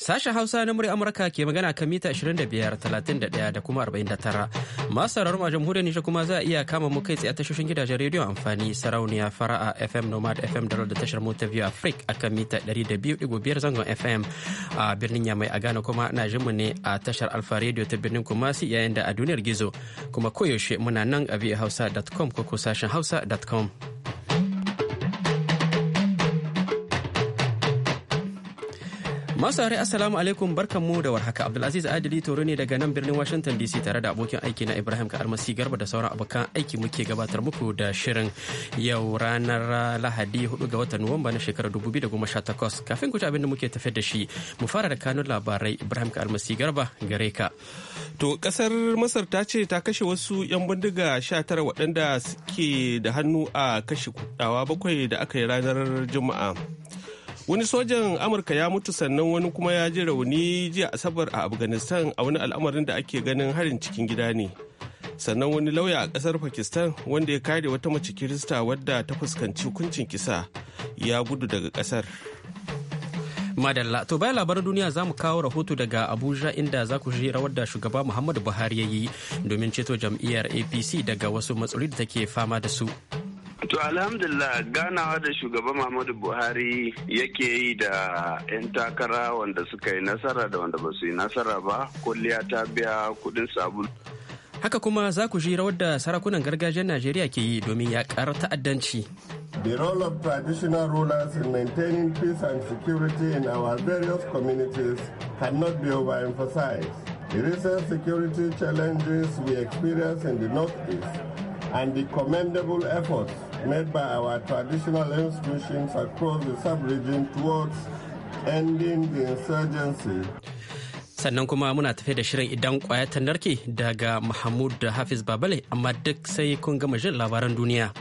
Sashen Hausa na murya Amurka ke magana kan mita 25,31 da kuma 49. Masu sauraro a jamhuriyar Nijar kuma za a iya kama mu kai tsaye tashoshin gidajen rediyo amfani sarauniya fara'a FM Nomad FM da da tashar mota View Afrik a kan mita 200.5 zangon FM a birnin Yamai a Ghana kuma na jin mu ne a tashar Alfa Radio ta birnin Kumasi yayin da a duniyar gizo kuma koyaushe muna nan a hausa.com ko ko sashen hausa.com. Masu hari assalamu alaikum barkanmu da warhaka Abdulaziz Adili Toro ne daga nan birnin Washington DC tare da abokin aiki na Ibrahim Kalmasi Garba da sauran abokan aiki muke gabatar muku da shirin yau ranar Lahadi 4 ga watan Nuwamba na shekarar 2018 kafin ku ci abin da muke tafe da shi mu fara da kanun labarai Ibrahim Kalmasi Garba gare ka. To kasar Masar ta ce ta kashe wasu 'yan bindiga 19 waɗanda suke da hannu a kashe kudawa bakwai da aka yi ranar Juma'a. wani sojan amurka ya mutu sannan wani kuma ya ji rauni jiya asabar a afghanistan a wani al'amarin da ake ganin harin cikin gida ne sannan wani lauya a kasar pakistan wanda ya kare wata mace kirista wadda ta fuskanci hukuncin kisa ya gudu daga kasar madalla to bayan labaran duniya za mu kawo rahoto daga abuja inda za ku ji rawar da shugaba muhammadu buhari ya yi domin ceto jam'iyyar apc daga wasu matsaloli da take fama da su To alhamdulillah ganawa da shugaba Muhammadu Buhari yake yi da 'yan takara wanda suka yi nasara da wanda ba su yi nasara ba kulliya ta biya kudin sabulu. Haka kuma za ku ji rawar da sarakunan gargajiyar Najeriya ke yi domin ya ƙara ta'addanci. The role of traditional rulers in maintaining peace and security in our various communities cannot be overemphasized. The recent security challenges we experience in the Northeast and the commendable efforts made by our traditional institutions across the sub-region towards ending the insurgency. sannan kuma muna tafe da shirin idan kwaya ta narke daga mahmud da hafiz babale amma duk sai kun gama jin labaran duniya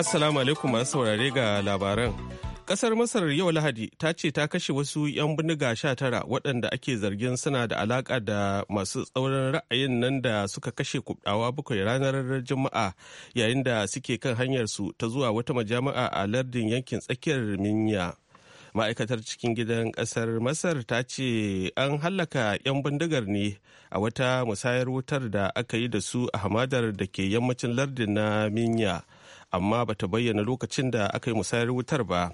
assalamu alaikum masu saurare ga labaran Kasar Masar yau Lahadi ta ce ta kashe wasu 'yan bindiga tara waɗanda ake zargin suna da alaƙa da masu tsauran ra'ayin nan da suka kashe kubɗawa bakwai ranar Juma'a yayin da suke kan hanyarsu ta zuwa wata majami'a a lardin yankin tsakiyar Minya. ma'aikatar cikin gidan kasar masar ta ce an hallaka 'yan bindigar ne a wata musayar wutar da aka yi da su a hamadar da ke yammacin lardin na minya amma bata bayyana lokacin da aka yi musayar wutar ba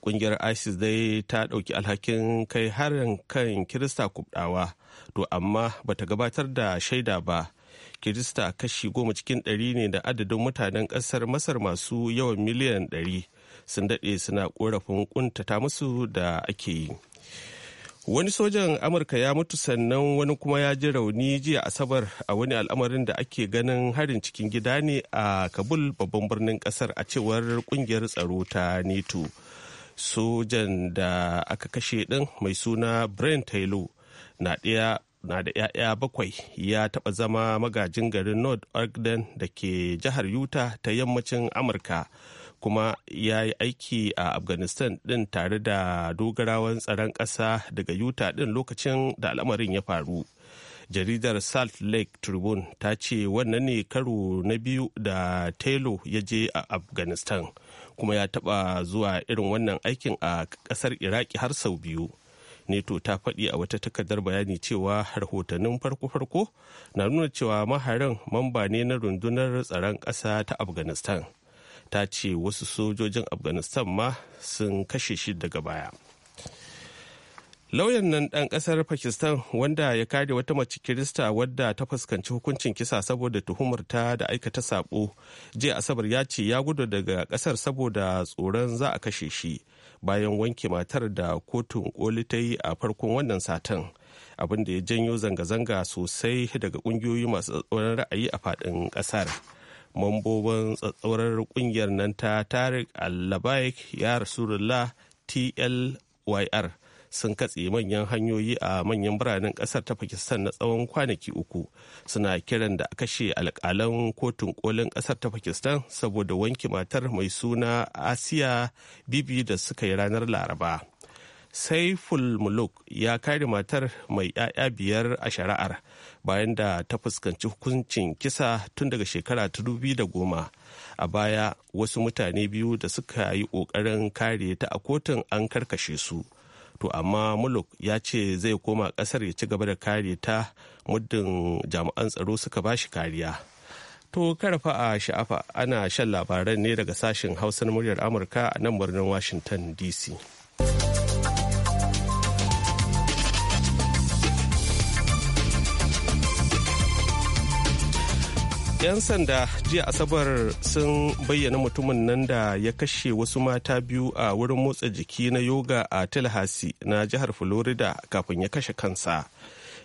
kungiyar isis dai ta ɗauki alhakin kai harin kan kirista kubdawa to amma bata gabatar da shaida ba kirista kashi goma cikin ɗari ne da adadin mutanen ƙasar masar masu yawan miliyan ɗari sun daɗe suna ƙorafin ƙuntata musu da ake yi wani sojan amurka ya mutu sannan wani kuma ya ji rauni jiya asabar a wani al'amarin da ake ganin harin cikin gida ne a kabul babban birnin kasar a cewar kungiyar tsaro ta neto sojan da aka kashe din mai suna brian taylor na daya na da 'ya'ya bakwai ya taɓa zama magajin garin north ogden da ke jihar utah ta yammacin amurka kuma ya yi aiki a afghanistan ɗin tare da dogarawan tsaron ƙasa daga utah ɗin lokacin da al'amarin ya faru jaridar salt lake tribune ta ce wannan ne karo na biyu da taylor ya je a afghanistan kuma ya taba zuwa irin wannan aikin a ƙasar iraki har sau biyu neto ta faɗi a wata takardar bayani cewa rahotannin farko-farko na nuna cewa maharin mamba ne na rundunar tsaron ƙasa ta afghanistan ta ce wasu sojojin afghanistan ma sun kashe shi daga baya lauyan nan ɗan ƙasar pakistan wanda ya kare wata mace kirista wadda ta fuskanci hukuncin kisa saboda tuhumar ta da aikata sabo jiya asabar ya ce ya gudu daga ƙasar saboda tsoron za a kashe shi bayan wanke matar da kotun koli ta yi a farkon wannan satin abinda ya janyo zanga-zanga sosai daga ƙungiyoyi masu tsoron ra'ayi a faɗin ƙasar. mambobin tsatsauran kungiyar nan ta tarik al-labaik ya rasulullah tlyr sun katse manyan hanyoyi a manyan biranen kasar ta pakistan na tsawon kwanaki uku suna kiran da kashe alkalan kotun kolin kasar ta pakistan saboda wanke matar mai suna asiya bibi da suka yi ranar laraba saiful muluk ya kare matar mai 'ya'ya biyar a shari'ar bayan da ta fuskanci hukuncin kisa tun daga shekara ta da goma a baya wasu mutane biyu da suka yi kokarin kare ta a kotun an karkashe su to amma muluk ya ce zai koma kasar ya ci gaba da kare ta muddin jami'an tsaro suka ba shi kariya to karfa a sha'afa ana shan labaran ne daga sashen hausar muryar amurka a nan birnin washington dc 'yan sanda jiya asabar sun bayyana mutumin nan da ya kashe wasu mata biyu a wurin motsa jiki na yoga a tallahassee na jihar florida kafin ya kashe kansa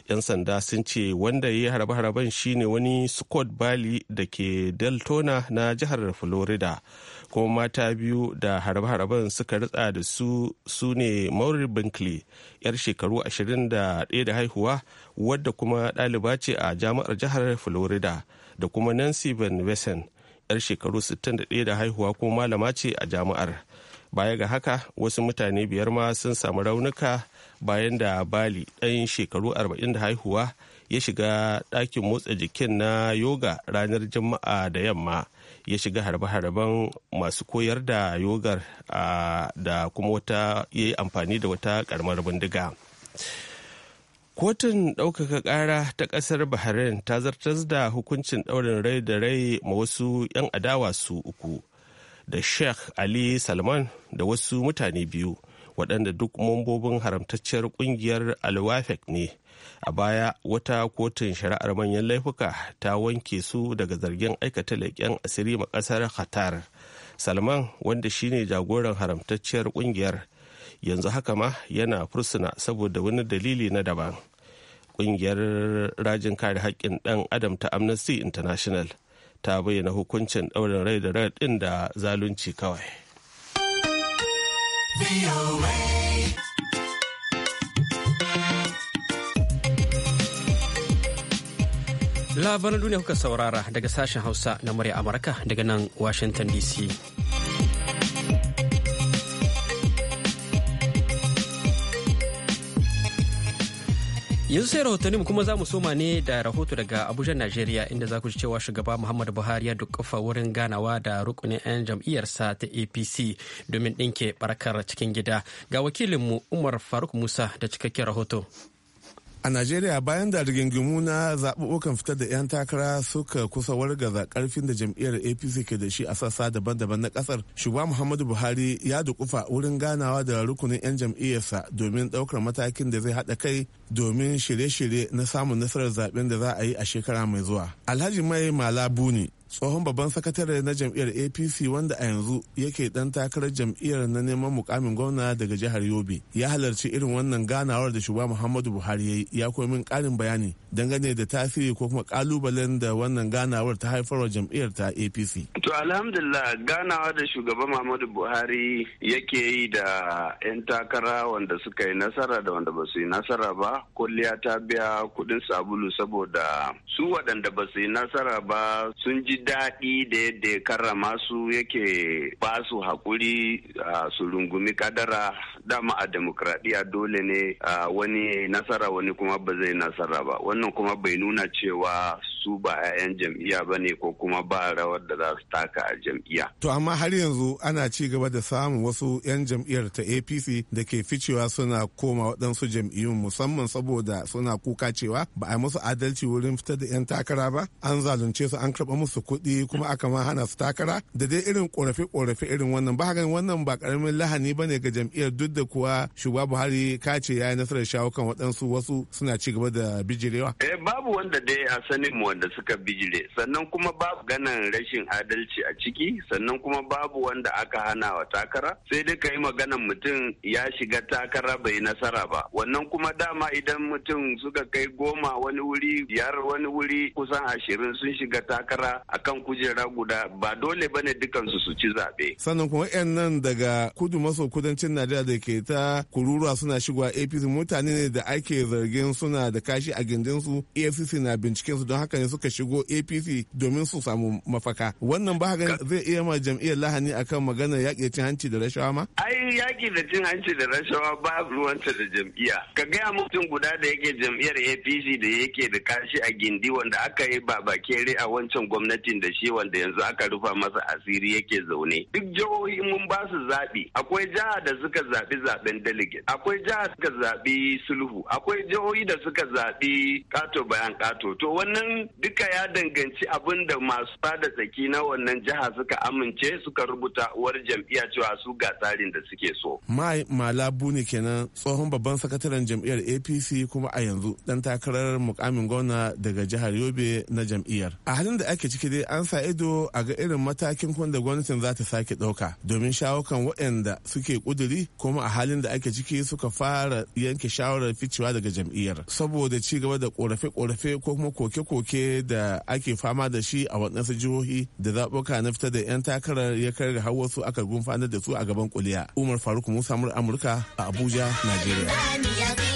'yan sanda sun ce wanda ya yi harbe-harben shine wani scott bali da ke deltona na jihar florida kuma mata biyu da harbe-harben suka ritsa da su su ne maury binkley yar shekaru 21 da haihuwa wadda kuma ɗaliba ce a jami'ar jihar florida da kuma nancy van wessen yar shekaru 61 da haihuwa ko malama ce a jama'ar baya ga haka wasu mutane biyar ma sun samu raunuka bayan da bali ɗan shekaru 40 da haihuwa ya shiga ɗakin motsa jikin na yoga ranar juma'a da yamma ya shiga harbe-harben masu koyar da yogar da kuma wata ya yi amfani da wata karamar bindiga. Kotun ɗaukaka ƙara ta ƙasar Bahrain ta zartar da hukuncin ɗaurin rai da rai ma wasu 'yan adawa su uku da Sheikh Ali Salman da wasu mutane biyu waɗanda duk mambobin haramtacciyar ƙungiyar Alwafek ne. A baya wata kotun shari'ar manyan laifuka ta wanke su daga zargin aikata leƙen asiri ma ƙasar Qatar. Salman wanda shine jagoran haramtacciyar ƙungiyar yanzu haka ma yana fursuna saboda wani dalili na daban ƙungiyar rajin kare haƙƙin ɗan adam ta amnesty international ta bayyana hukuncin ɗaurin rai da rai ɗin da zalunci kawai labaran duniya kuka saurara daga sashen hausa na murya amurka daga nan washington dc yanzu sai rahotanni kuma za mu soma ne da rahoto daga abuja najeriya inda za ku ji cewa shugaba muhammadu buhari ya dukkafa wurin ganawa da rukunin 'yan jam'iyyarsa ta apc domin ɗinke barkar cikin gida ga wakilinmu umar faruk musa da cikakken rahoto A Najeriya bayan da rigingimu na zaɓuɓɓukan fitar da 'yan takara suka kusa wargaza ƙarfin da jam'iyyar APC ke da shi a sassa daban-daban na ƙasar, shugaba Muhammadu Buhari ya dukufa wurin ganawa da rukunin 'yan jam'iyyarsa domin ɗaukar matakin da zai haɗa kai domin shirye-shirye na samun nasarar zaɓen da za a yi a shekara mai zuwa. Alhaji Mai Malabuni tsohon babban sakatare na jam'iyyar apc wanda a yanzu yake dan takarar jam'iyyar na neman mukamin gwamna daga jihar yobe ya halarci irin wannan ganawar da shugaba muhammadu buhari ya yi ya koyi karin bayani dangane da tasiri ko kuma kalubalen da wannan ganawar ta haifarwa jam'iyyar ta apc to alhamdulillah ganawa da shugaba muhammadu buhari yake yi da 'yan takara wanda suka yi nasara da wanda ba su yi nasara ba kulliya ta biya kudin sabulu saboda su waɗanda ba su yi nasara ba sun ji daɗi da yadda ya karrama su yake ba su haƙuri su rungumi kadara dama a demokradiyya dole ne wani nasara wani kuma ba zai nasara ba wannan kuma bai nuna cewa su ba 'ya'yan jam'iyya ba ne ko kuma ba rawar da za su taka a jam'iyya. To amma har yanzu ana ci gaba da samun wasu 'yan jam'iyyar ta APC da ke ficewa suna koma waɗansu jam'iyyun musamman saboda suna kuka cewa ba a musu adalci wurin fitar da 'yan takara ba an zalunce su an karɓa musu kuɗi kuma aka ma hana su takara da dai irin ƙorafe-ƙorafe irin wannan ba hakan wannan ba ƙaramin lahani ba ne ga jam'iyyar duk da kuwa shugaba buhari kace ya yi nasarar shawo kan waɗansu wasu suna ci gaba da bijirewa. eh babu wanda dai a sanin mu wanda suka bijire sannan kuma babu ganan rashin adalci a ciki sannan kuma babu wanda aka hana wa takara sai dai ka yi maganan mutum ya shiga takara bai nasara ba wannan kuma dama idan mutum suka kai goma wani wuri biyar wani wuri kusan ashirin sun shiga takara akan kujera guda ba dole bane dukansu su ci zaɓe. sannan kuma 'yan nan daga kudu maso kudancin najeriya da ke ta kururuwa suna shigowa apc mutane ne da ake zargin suna da kashi a gindinsu afc na binciken su don haka ne suka shigo apc domin su samu mafaka wannan ba haka zai iya ma jam'iyyar lahani akan maganar yaƙi cin hanci da rashawa ma. ai yaƙi da cin hanci da rashawa ba ruwanta da jam'iyya ka gaya mutum guda da yake jam'iyyar apc da yake da kashi a gindi wanda aka yi babakere a wancan gwamnati gwamnatin da shi wanda yanzu aka rufa masa asiri yake zaune duk jihohi mun ba su zaɓi akwai jiha da suka zaɓi zaɓen delegate akwai jiha suka zaɓi sulhu akwai jihohi da suka zaɓi ƙato bayan ƙato to wannan duka ya danganci abin da masu fada tsaki na wannan jiha suka amince suka rubuta uwar jam'iyya cewa su ga tsarin da suke so. Mai Malabu ne kenan tsohon babban sakataren jam'iyyar APC kuma a yanzu dan takarar mukamin gwamna daga jihar Yobe na jam'iyyar. A halin da ake ciki dai an sa ido a ga irin matakin kunda gwamnatin za ta sake ɗauka domin shawo kan waɗanda suke ƙuduri kuma a halin da ake ciki suka fara yanke shawarar ficewa daga jam'iyyar saboda ci gaba da ƙorafe-ƙorafe ko kuma koke-koke da ake fama da shi a waɗansu jihohi da zaɓuka na fita da 'yan takarar ya kai ga har wasu aka gumfanar da su a gaban kuliya. Umar Faruk Musa Amurka a Abuja, Najeriya.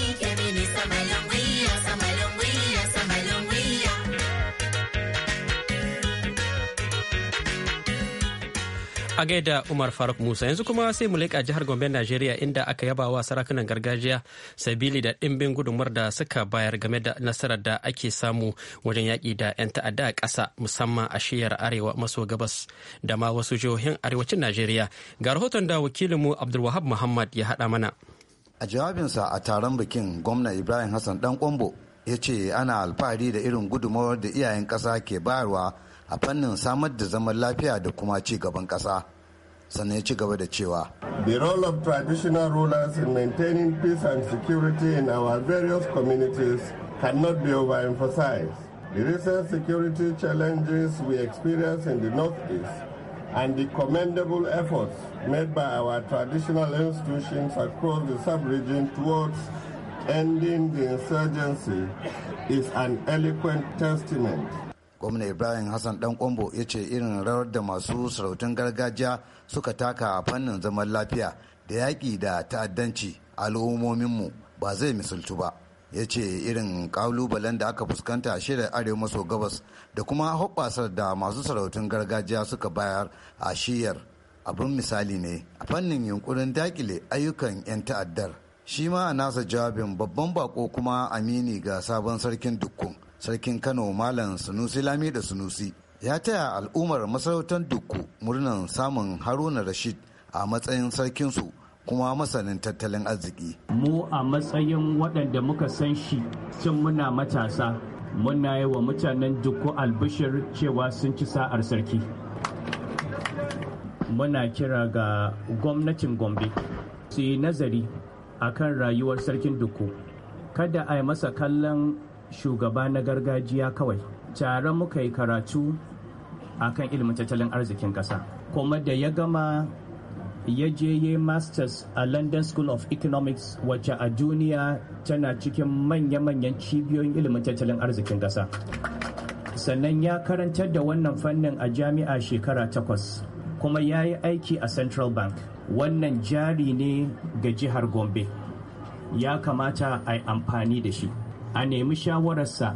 A gaida Umar Faruk Musa yanzu kuma sai mu leƙa jihar Gombe Najeriya inda aka yaba wa sarakunan gargajiya sabili da ɗimbin gudunmuwar da suka bayar game da nasarar da ake samu wajen yaƙi da 'yan ta'adda a ƙasa musamman a shiyar arewa maso gabas da ma wasu jihohin arewacin Najeriya. Ga rahoton da wakilinmu Abdulwahab Muhammad ya haɗa mana. A jawabinsa a taron bikin gwamna Ibrahim Hassan Dan Kwambo ya ce ana alfahari da irin gudunmuwar da iyayen ƙasa ke bayarwa a fannin samar da zaman lafiya da kuma ci gaban ƙasa sannan ya ci gaba da cewa the role of traditional rulers in maintaining peace and security in our various communities cannot be overemphasized the recent security challenges we experience in the northeast and the commendable efforts made by our traditional institutions across the sub-region towards ending the insurgency is an eloquent testament gwamna ibrahim hassan dan kwambo ya ce irin rawar da masu sarautun gargajiya suka taka a fannin zaman lafiya da yaƙi da ta'addanci a al'ummominmu ba zai misaltu ba ya ce irin kalubalen da aka fuskanta a shirin arewa maso gabas da kuma hoɓɓasar da masu sarautun gargajiya suka bayar a shiyar abin misali ne a fannin yunkurin dakile ayyukan 'yan ta'addar shi ma a nasa jawabin babban bako kuma amini ga sabon sarkin dukkun sarkin kano malam sunusi lami da sunusi ya taya al'ummar masarautar dukku murnan samun haruna rashid a matsayin sarkinsu kuma masanin tattalin arziki mu a matsayin waɗanda muka san shi tun muna matasa muna yi wa mutanen dukku albishir cewa sun ci sa'ar sarki muna kira ga gwamnatin gombe su yi nazari akan rayuwar sarkin dukku kada a yi masa kallon shugaba na gargajiya kawai tare muka yi karatu akan ilimin tattalin arzikin ƙasa kuma da ya gama ya je ya masters a london school of economics wacce a duniya tana cikin manya-manyan cibiyoyin ilimin tattalin arzikin ƙasa sannan ya karantar da wannan fannin a jami'a shekara takwas kuma ya yi aiki a central bank wannan jari ne ga jihar gombe ya kamata a yi amfani da shi a nemi shawararsa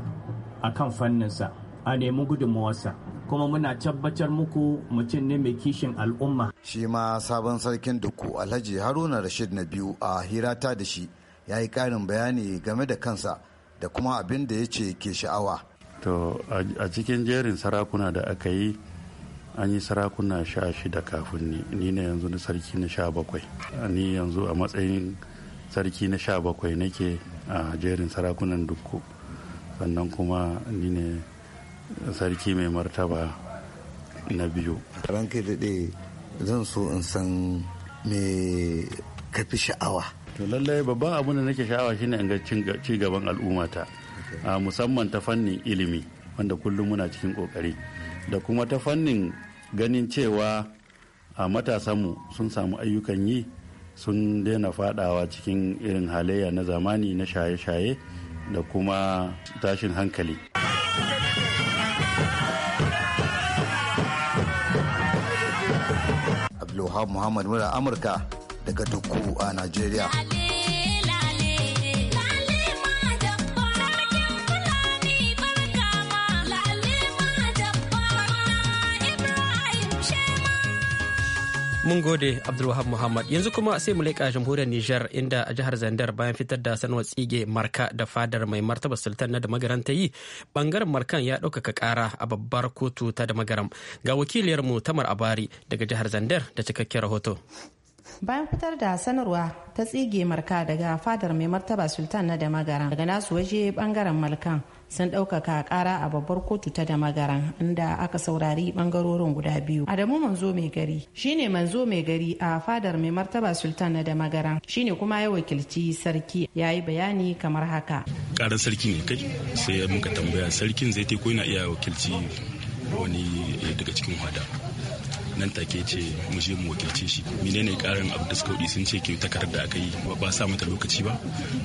a kan fanninsa a nemi gudunmawarsa kuma muna tabbatar muku mutum ne mai kishin al'umma shi ma sabon sarkin duku alhaji haruna rashid na biyu a hirata da shi ya yi ƙarin bayani game da kansa da kuma abin da ya ce ke sha'awa to a cikin jerin sarakuna da aka yi an yi sarakuna sha shida kafin ni ni ne yanzu na sarki na sha bakwai ni yanzu a matsayin sarki na sha bakwai nake a jerin sarakunan dukku sannan kuma ni ne sarki mai martaba na biyu ranka daɗe zan so in san me ka fi sha'awa to lallai babban abin da nake sha'awa shine in ga ci gaban al'ummata musamman ta fannin ilimi wanda kullum muna cikin kokari da kuma ta fannin ganin cewa a matasanmu sun samu ayyukan yi sun daina fadawa cikin irin halayya na zamani na shaye-shaye da kuma tashin hankali. Abdulwahab Muhammad mura Amurka daga Dukku a Najeriya. Mun gode Abdulwahab Muhammad yanzu kuma sai mu leƙa jamhuriyar Nijar inda a jihar Zandar bayan fitar da sanuwar tsige marka da fadar mai martaba sultan na da ta yi bangaren markan ya ɗaukaka ƙara a babbar kotu ta da magaram ga wakiliyarmu Tamar Abari daga jihar Zandar da cikakken rahoto. bayan fitar da sanarwa ta tsige marka daga fadar mai martaba sultan na da magaran daga nasu waje bangaren malkan sun ɗaukaka ƙara a babbar kotu ta da magaran inda aka saurari ɓangarorin guda biyu. Adamu Manzo mai gari shine Manzo mai gari a fadar mai martaba Sultan na da magaran shine kuma ya wakilci sarki ya yi bayani kamar haka. Ƙarar sarki ne kai sai muka tambaya sarkin zai ko yana iya wakilci wani daga cikin hada. nan take ce mu je mu wakilce shi menene karin abu da suka sun ce ke da aka yi ba sa mata lokaci ba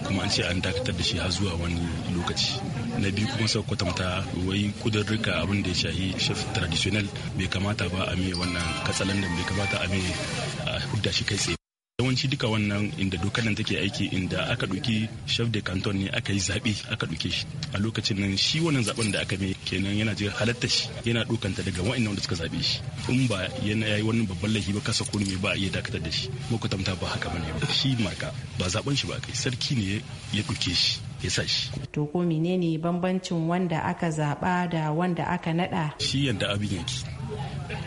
kuma an ce an dakatar da shi har zuwa wani lokaci na biyu kuma sau kwatanta wai kudurruka abin da ya shahi chef traditional bai kamata ba a mai wannan katsalan da bai kamata a mai a hudda shi kai tsaye yawanci duka wannan inda dokar nan take aiki inda aka ɗauki chef de canton ne aka yi zaɓe aka ɗauke shi a lokacin nan shi wannan zaɓen da aka mai kenan yana jiran halatta shi yana dukanta daga wa'annan wanda suka zabe shi in ba yana yayi wani babban laifi ba kasa kurmi ba iya dakatar da shi makwatanta ba haka bane ba shi marka ba zaben shi ba kai sarki ne ya duke shi ya sa shi. To ko menene bambancin wanda aka zaba da wanda aka nada? Shi yadda abin yake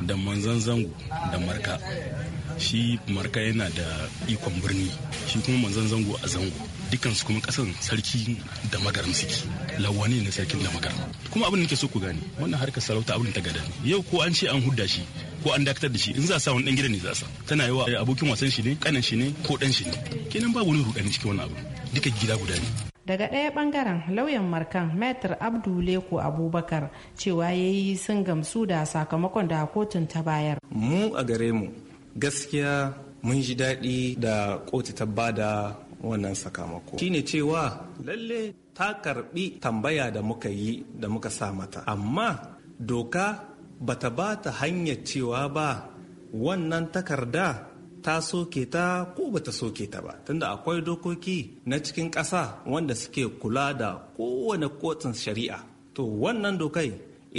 da manzan zango da marka shi marka yana da ikon birni shi kuma manzan zango a zango dukansu kuma kasan sarki da magaram suke lawani na sarkin da magaram kuma abin da nake so ku gane wannan harkar sarauta abin ta gada yau ko an ce an hudda shi ko an dakatar da shi in za a sa wani dan gida ne za a sa tana yi eh, abokin wasan shi ne kanan shi ne ko dan shi ne kenan babu wani rudani cikin wannan abu duka gida guda ne daga ɗaya bangaren lauyan markan metr abduleku abubakar cewa ya yi sun gamsu da sakamakon da kotun ta bayar mu a gare mu gaskiya mun ji daɗi da kotu ta bada wannan sakamako shine cewa lalle ta karbi tambaya da muka yi da muka sa mata amma doka bata ba ta hanyar cewa ba wannan takarda ta soke ta ko bata soke ta ba tunda akwai dokoki na cikin ƙasa wanda suke kula da kowane kotun shari'a to wannan dokai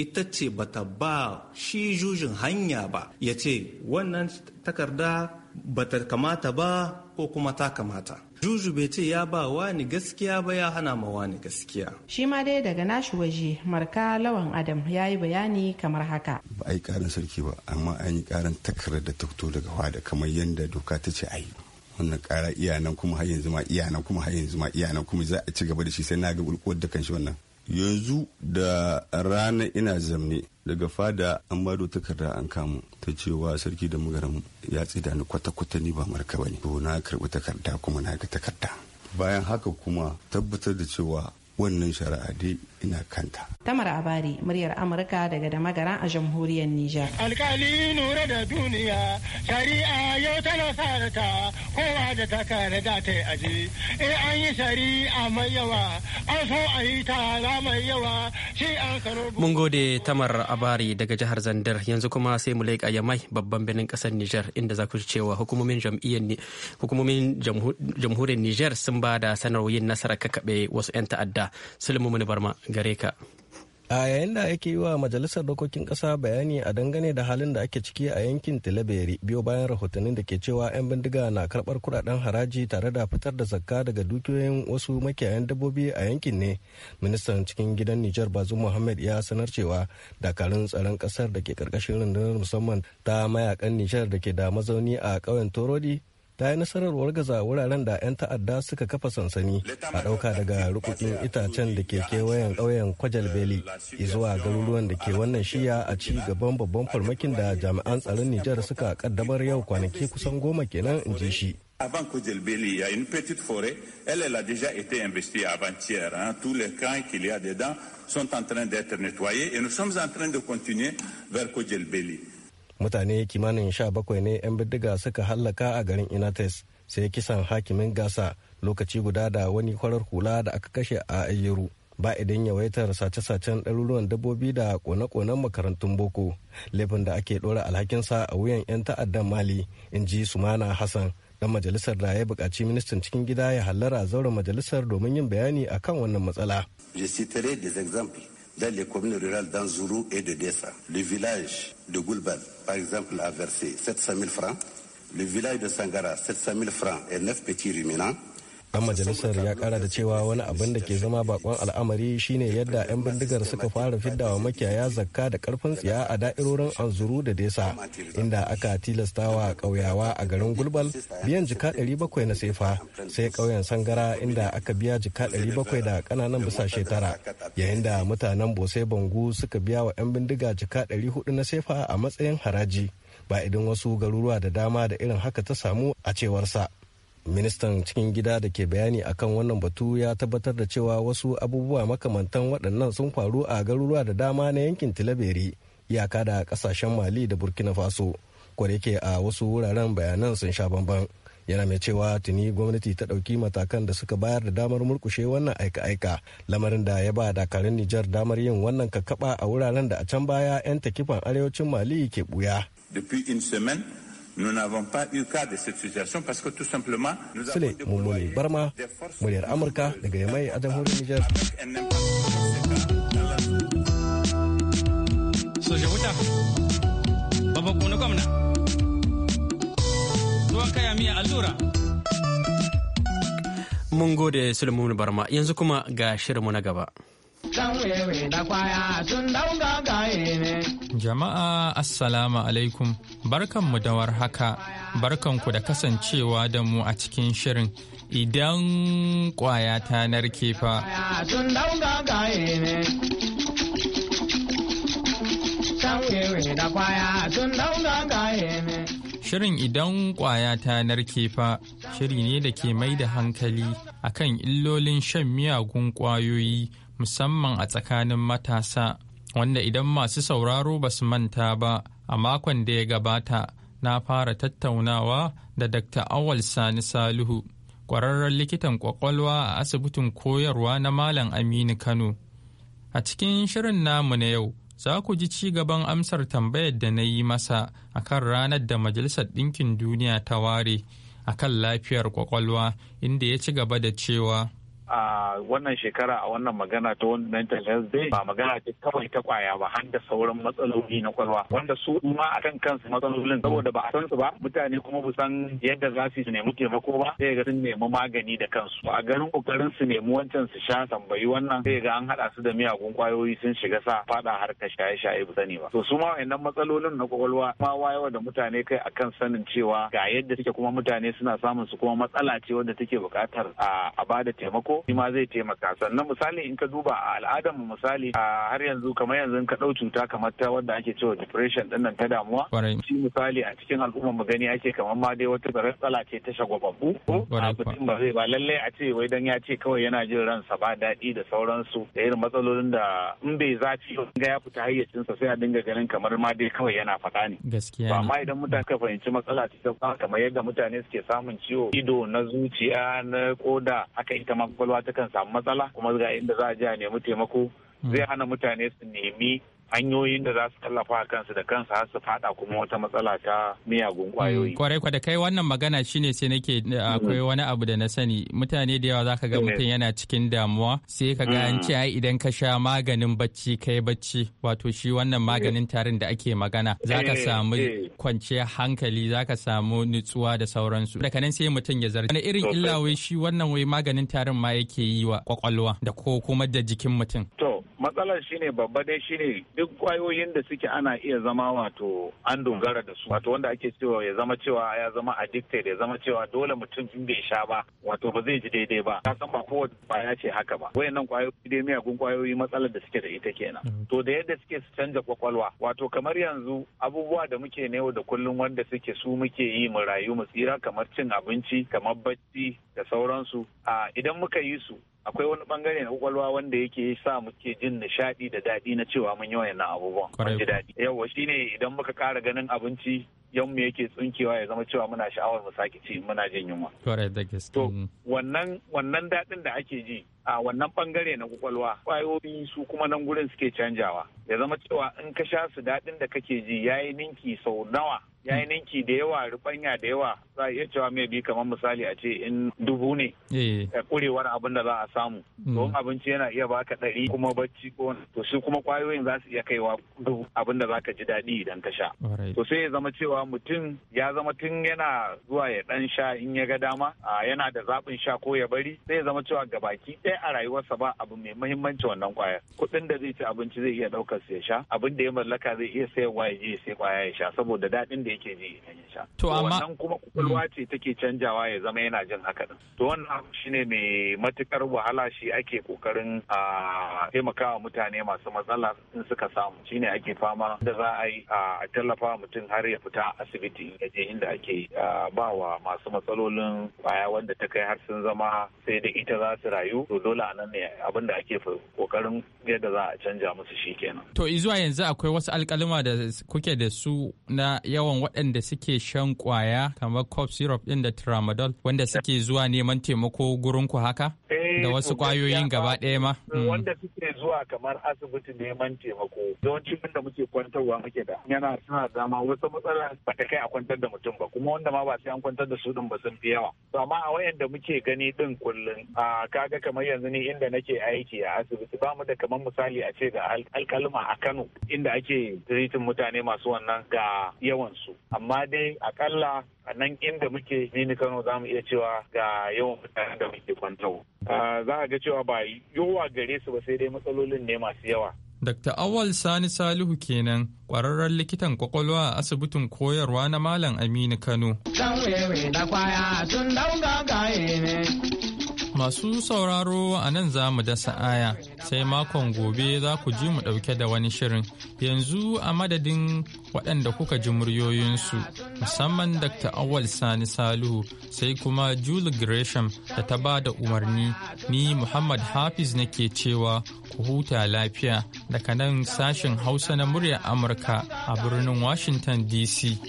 ita ce bata ba shi jujin hanya ba ya ce wannan takarda bata kamata ba ko kuma ta kamata Juju bai ce ya ba wani gaskiya ba ya hana ma wani gaskiya. Shi ma dai daga nashi waje marka lawan Adam ya yi bayani kamar haka. Ba a yi karin sarki ba amma an yi karin takarar da ta daga hwada kamar yadda doka ta ce a yi. wannan kara iyanan kuma har yanzu ma iyanan kuma har yanzu ma iyanan kuma za a ci gaba da shi sai na ga bulkuwar da kan shi wannan yanzu da rana ina zamne daga fada an bado takarda an kamu ta cewa sarki da mugaram ya tsida ni kwata-kwata ni ba marka ba ne. to na karbi takarda kuma na ga takarda bayan haka kuma tabbatar da cewa wannan shari'a dai ina kanta. Tamar Abari, muryar Amurka daga Damagara a jamhuriyar Nijar. Alkali nura da duniya, shari'a yau tana sa ta kowa da ta kare da ta aji. In e, an yi shari'a mai yawa, an so a yi tara mai yawa, shi an karo. Mun gode Tamar Abari daga jihar Zandar, yanzu kuma sai mu leƙa Yamai babban birnin ƙasar Nijar inda za ku ci cewa hukumomin jamhuriyar Nijar sun ba da sanarwar yin nasarar kakaɓe wasu 'yan ta'adda. Sulemu Barma gare ka a yayin da ake yi wa majalisar dokokin kasa bayani a dangane da halin da ake ciki a yankin tilaberi biyo bayan rahotannin da ke cewa 'yan bindiga na karbar kudaden haraji tare da fitar da zakka daga dukiyoyin wasu makiyayan dabbobi a yankin ne ministan cikin gidan nijar bazu muhammad ya sanar cewa dakarun tsaron kasar da ke karkashin rundunar musamman ta mayakan nijar da ke da mazauni a ƙauyen torodi ta yi nasarar wargaza wuraren da 'yan ta'adda suka kafa sansani a ɗauka daga rukukin itacen da ke kewayen ƙauyen kwajal beli zuwa garuruwan da ke wannan shiya a ci gaban babban farmakin da jami'an tsaron nijar suka kaddamar yau kwanaki kusan goma kenan in ji shi Avant Kojelbeli, il y a une petite forêt. Elle, elle a déjà été investie avant-hier. Hein. Tous les camps qu'il y a dedans sont en train d'être nettoyés et nous sommes en train de continuer vers Kojelbeli. mutane kimanin sha bakwai ne 'yan bindiga suka hallaka a garin inates sai kisan hakimin gasa lokaci guda da wani kwarar hula da aka kashe a ayyuru ba idan yawaitar sace-sacen ɗaruruwan dabbobi da kone-konen makarantun boko laifin da ake ɗora alhakinsa a wuyan 'yan ta'addan mali in ji sumana hassan dan majalisar da ya buƙaci ministan cikin gida ya hallara zauren majalisar domin yin bayani akan wannan matsala. Je dans les communes rurales d'Anzourou et de Dessa. Le village de Goulbad, par exemple, a versé 700 000 francs. Le village de Sangara, 700 000 francs et 9 petits ruminants. dan majalisar ya kara da cewa wani abin da ke zama bakon al'amari shine yadda 'yan bindigar suka fara fidda wa makiyaya zakka da karfin tsiya a da'irorin anzuru da desa inda aka tilastawa ƙauyawa a garin gulbal biyan jika 700 na sefa sai ƙauyen sangara inda aka biya jika 700 da kananan bisashe tara yayin da mutanen bose bangu suka biya wa 'yan bindiga jika 400 na sefa a matsayin haraji ba idan wasu garuruwa da dama da irin haka ta samu a cewarsa. ministan cikin gida da ke bayani akan wannan batu ya tabbatar da cewa wasu abubuwa makamantan waɗannan sun faru a garuruwa da dama na yankin tilaberi iyaka da ƙasashen mali da burkina faso yake a wasu wuraren bayanan sun sha bamban yana mai cewa tuni gwamnati ta ɗauki matakan da suka bayar da damar murkushe wannan aika-aika lamarin da ya ba dakarun nijar damar yin wannan kakaba a wuraren da a can baya 'yan takifan arewacin mali ke buya. Nous n'avons pas eu cas de cette situation parce que tout simplement, nous avons déployé des forces Amurka, de Grémay, à Niger. Soja wuta, baba kuna gwamna, ruwan kaya miya Mun gode Sulmunu Barma, yanzu kuma ga shirinmu na gaba. Jama'a Assalamu alaikum, barkan mu da war warhaka, barkanku da kasancewa da mu a cikin shirin idan kwaya ta narke fa. Shirin idan kwaya ta narke fa shiri ne da ke mai da hankali akan illolin shan miyagun kwayoyi musamman a tsakanin matasa wanda idan masu sauraro ba su manta ba a makon da ya gabata na fara tattaunawa da Dr. Awal Sani Salihu, ƙwararren likitan ƙwaƙwalwa a asibitin koyarwa na Malam Aminu Kano. A cikin shirin namu na yau, za ku ji ci gaban amsar tambayar da na yi masa a kan ranar da Majalisar Ɗinkin Duniya ta ware a kan lafiyar ƙwaƙwalwa, inda ya ci gaba da cewa. a wannan shekara a wannan magana ta wannan mental health day ba magana ce kawai ta kwaya ba har da sauran matsaloli na kwalwa wanda su ma akan kansu matsalolin saboda ba a san su ba mutane kuma bu san yadda za su nemi taimako ba sai ga sun nemi magani da kansu a ganin kokarin su nemi wancan su sha tambayi wannan sai ga an hada su da miyagun kwayoyi sun shiga sa fada ka shaye-shaye bu sani ba to su ma wayannan matsalolin na kwakwalwa ma wayewa da mutane kai akan sanin cewa ga yadda suke kuma mutane suna samun su kuma matsala ce wadda take bukatar a bada taimako shi ma zai taimaka sannan misali in ka duba a al'adar mu misali a har yanzu kamar yanzu ka ɗau cuta kamar ta wanda ake cewa depression din nan ta damuwa shi misali a cikin al'ummar mu gani ake kamar ma dai wata tsala ce ta shagwababbu oh, a mutum ba zai ba lallai a ce wai dan ya ce kawai yana jin ransa ba daɗi da sauransu da irin matsalolin da in bai zafi ga ya fita hayyacinsa sai a dinga ganin kamar ma dai kawai yana faɗa ne gaskiya ba ma idan mutane ka fahimci matsala ce ta kamar yadda mutane suke samun ciwo ido na zuciya na koda haka ita ma ta takan samu matsala kuma ga inda za a je a nemi taimako hmm. zai hana mutane su nemi hanyoyin da za su tallafa kansu da kansu har su fada kuma wata matsala ta miyagun mm, kwayoyi. Kwarai kwa da kai wannan magana shine sai nake eh, mm-hmm. akwai wani abu da na sani mutane da yawa zaka ga mutum yana cikin damuwa sai ka ga an mm. ce ai idan ka sha maganin bacci kai bacci wato shi wannan maganin tarin da ake magana zaka eh, samu eh. kwanciyar hankali zaka samu nutsuwa da sauransu. Daga nan sai mutum ya zargi. Wani irin illa wai shi wannan wai maganin tarin ma yake yi wa kwakwalwa da ko kuma da jikin mutum. To matsalar shine babba dai shine duk kwayoyin da suke ana iya zama wato an dogara da su wato wanda ake cewa ya zama cewa ya zama addicted ya zama cewa dole mutum in bai sha ba wato ba zai ji daidai ba ka san ba Ba ya ce haka ba wayannan kwayoyi dai miyagun kwayoyi matsalar da suke da ita kenan mm. to da yadda suke su canja kwakwalwa wato kamar yanzu abubuwa da muke ne da kullum wanda suke su muke yi mu rayu mu tsira kamar cin abinci kamar bacci da sauransu a idan muka yi su akwai wani bangare na kwakwalwa wanda yake sa muke jin nishadi da daɗi na cewa mun yi wayannan abubuwan mun ji daɗi yawa shine idan muka kara ganin abinci yanmu yake tsunkewa ya zama cewa muna sha'awar mu sake ci muna jin yunwa to wannan wannan daɗin da ake ji a wannan bangare na kwakwalwa kwayoyi su kuma nan gurin suke canjawa ya zama cewa in ka sha su daɗin da kake ji yayi ninki sau nawa ya yi ninki da yawa rubanya da yawa za a iya cewa mai bi kamar misali a ce in dubu ne eh. kurewar abin da za a samu mm. don abinci yana iya baka ɗari kuma bacci ko to su kuma kwayoyin za su iya kaiwa dubu abin da za ka ji daɗi idan ka sha to sai ya zama cewa mutum ya zama tun yana zuwa ya ɗan sha in ya ga dama yana da zaɓin sha ko ya bari sai ya zama cewa gabaki ɗaya a rayuwarsa ba abu mai muhimmanci wannan kwaya. kuɗin da zai ci abinci zai iya ɗaukar su ya sha abin da ya mallaka zai iya sayarwa ya je ya sai kwaya ya sha saboda daɗin da da yake ji idan ya sha to amma wannan kuma kwakwalwa mm. ce take canjawa ya zama yana jin haka din to wannan abu shine mai matukar wahala shi ake kokarin a taimakawa mutane masu matsala in suka samu shine ake fama da za a yi a tallafa mutum har ya fita asibiti ya je inda ake ba wa masu matsalolin kwaya wanda ta kai har sun zama sai da ita za su rayu to dole a nan ne abin da ake kokarin yadda za a canja musu shi kenan to izuwa yanzu akwai wasu alkalima da kuke da su na yawan waɗanda suke shan kwaya kamar cop syrup ɗin da tramadol wanda suke zuwa neman taimako gurinku haka? Eh, da eh, wasu kwayoyin gaba ɗaya ma eh, mm. wanda suke zuwa kamar asibiti neman taimako yawanci wanda muke kwantarwa muke da yana suna dama wasu matsala ba ta kai a kwantar da mutum ba kuma wanda ma ba sai an kwantar da su din ba sun fi yawa to amma a wayanda muke gani din kullum a kaga kamar yanzu ni inda nake aiki a asibiti ba mu da kamar misali a ce da alkalma a Kano inda ake tiritin mutane masu wannan ga yawan su amma dai akalla a nan inda muke ni kano za mu iya cewa ga yawan mutanen da muke kwantau za a ga cewa ba Yowa gare su ba sai dai matsalolin ne masu yawa Dr. Awal Sani Salihu kenan ƙwararren likitan kwakwalwa a asibitin koyarwa na Malam Aminu Kano. Masu sauraro a nan za mu dasa aya sai makon gobe za ku ji mu ɗauke da wani shirin yanzu a madadin waɗanda kuka ji muryoyinsu musamman Dr. Awal Sani Salihu sai kuma Julie Gresham da ta ba da umarni ni Muhammad Hafiz nake cewa ku huta lafiya daga nan sashen Hausa na muryar Amurka a birnin Washington DC.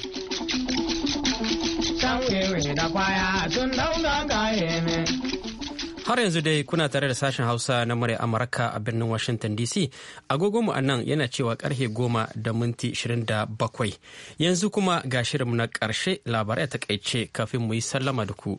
in it. Har yanzu dai kuna tare da sashen Hausa na murya Amurka a birnin Washington DC. Agogonmu a nan yana cewa karfe goma da minti 27. Yanzu kuma ga shirinmu na ƙarshe labarai a takaice kafin mu yi sallama da ku.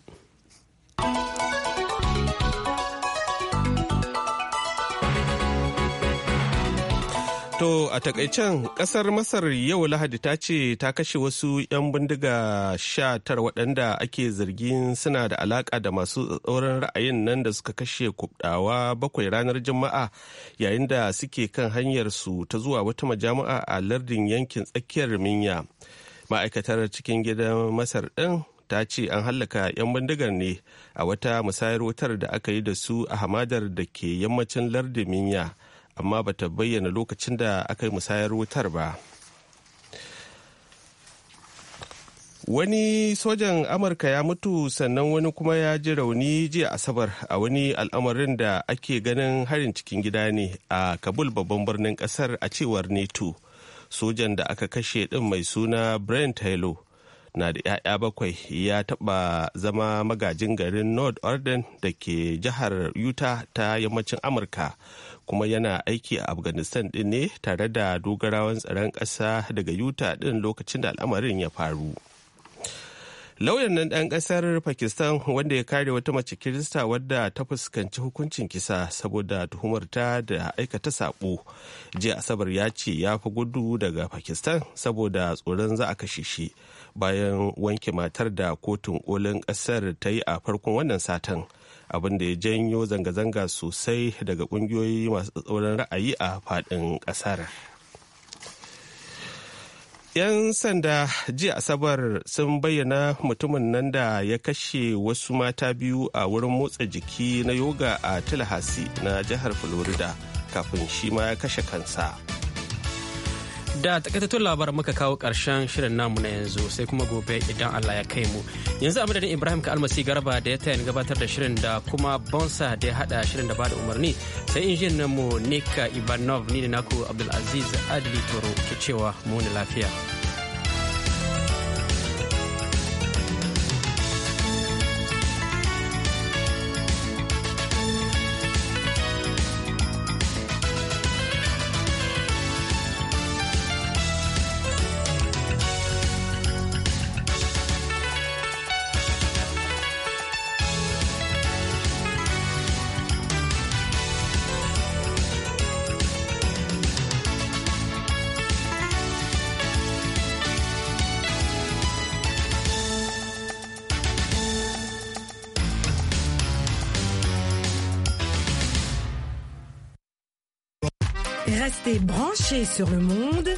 To a takaicen kasar Masar yau Lahadi ta ce ta kashe wasu 'yan bindiga sha tar waɗanda ake zargin suna da alaƙa da masu tsatsauran ra'ayin nan da suka kashe kubɗawa bakwai ranar Juma'a yayin da suke kan hanyar su ta zuwa wata majami'a a lardin yankin tsakiyar Minya. Ma'aikatar cikin gidan Masar ɗin ta ce an hallaka 'yan bindigar ne a wata musayar wutar da aka yi da su a hamadar da ke yammacin lardin Minya. amma ba ta bayyana lokacin da aka yi musayar wutar ba wani sojan amurka ya mutu sannan wani kuma ya ji rauni jiya asabar a wani al'amarin da ake ganin harin cikin gida ne a kabul babban birnin kasar a cewar neto sojan da aka kashe din mai suna brian taylor na da 'ya'ya bakwai ya taɓa zama magajin garin North Orden da ke jihar Utah ta yammacin Amurka kuma yana aiki a Afghanistan ɗin ne tare da dogarawan tsaron ƙasa daga Utah ɗin lokacin da al'amarin ya faru. lauyan nan ɗan ƙasar pakistan wanda ya kare wata mace kirista wadda ta fuskanci hukuncin kisa saboda tuhumar ta da aikata saɓo jiya asabar ya ce ya fi gudu daga pakistan saboda tsoron za a kashe shi bayan wanke matar da kotun kolin ƙasar ta yi a farkon wannan satin abinda ya janyo zanga-zanga sosai daga ƙungiyoyi masu tsauran ra'ayi a faɗin ƙasar. 'Yan sanda jiya Asabar sun bayyana mutumin nan da ya kashe wasu mata biyu a wurin motsa jiki na yoga a Tallahassee na jihar Florida kafin shi ma ya kashe kansa. da takaitattun labaran muka kawo karshen shirin namu na yanzu sai kuma gobe idan Allah ya kai mu yanzu a madadin Ibrahim ka almasi garba da ya tayin gabatar da shirin da kuma bonsa da ya hada shirin da bada umarni sai injin mu Nika Ivanov ni da naku Abdulaziz Adli Toro ke cewa mu lafiya. sur le monde